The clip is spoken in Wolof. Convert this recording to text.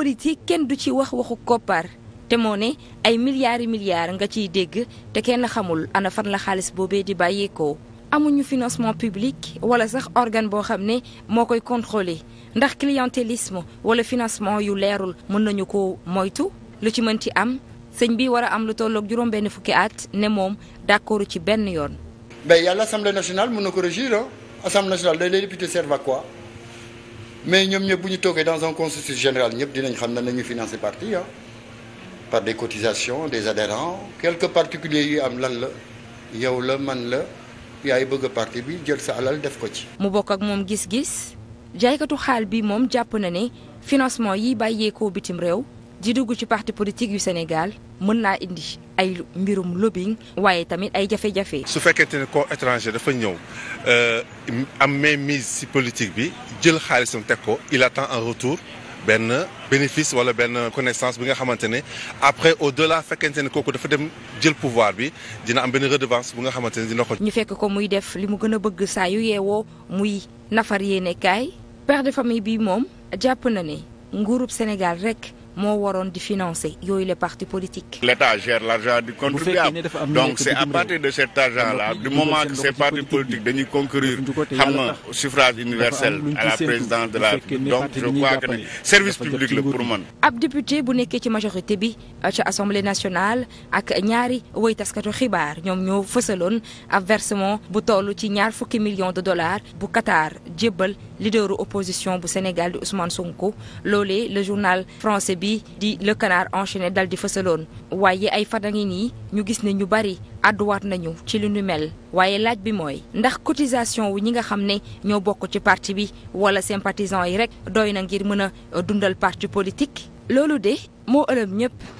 politique kenn du ci wax waxu koppar te moo ne ay milliards yi milliards nga ciy dégg te kenn xamul ana fan la xaalis boobee di bàyyeekoo amuñu financement public wala sax organe boo xam ne moo koy contrôler ndax clientélisme wala financement yu leerul mën nañu ko moytu lu ci mën ci am sëñ bi war a am lu tolloog juróom benn fukki at ne moom d'accordu ci benn yoon. mais yàlla assemblée nationale mën na ko régir ah. assemblée nationale les députés servent mais ñoom ñëpp bu ñu toogee dans un consensus général ñëpp dinañ xam ne nañu financer parti ah par des cotisations des adhérents quelques particuliers yu am lan la yow la man la yaay bëgg parti bi jël sa alal def ko ci. mu bokk ak moom gis-gis jaaykatu xaal bi moom jàpp na ne financement yi bàyyeekoo bitim réew. di dugg ci parti politique yu Sénégal mën naa indi ay mbirum lobbying waaye tamit ay jafe-jafe. su fekkente ne koo étranger dafa ñëw euh, am mainmise ci politique bi jël xaalis xaalisam teg ko il attend en retour. benn bénéfice wala benn connaissance bi nga xamante ne après au delà fekkente ne kooku dafa dem jël pouvoir bi dina am benn redevance bu nga xamante ne dina ko. ñu fekk ko muy def li mu gën a bëgg saa yu yeewoo muy nafar yéene kaay de famille bi moom jàpp na ne nguurub Sénégal rek. moo waroon di financer yooyu les partis politiques. l'État gère l'argent du contribuable donc c'est à partir de cet argent là du moment que suffrage universel à la présidence de la donc je crois que ne service public la pour man. ab député bu nekkee ci majorité bi euh, ci assemblée nationale ak ñaari woy xibaar ñoom ñoo fësaloon ab versement bu toll ci ñaar fukki millions de dollars bu Qatar. jébbal leaderu opposition bu Sénégal di Ousmane Sonko loole le journal français bi di Le Canard enchaîné dal di fësaloon waaye ay fan a ngi nii ñu gis ne ñu bari àdduwaat nañu ci li nu mel waaye laaj bi mooy ndax cotisation wu ñi nga xam ne ñoo bokk ci parti bi wala sympathisants yi rek doy na ngir mën a dundal parti politique loolu de moo ëlëm ñëpp.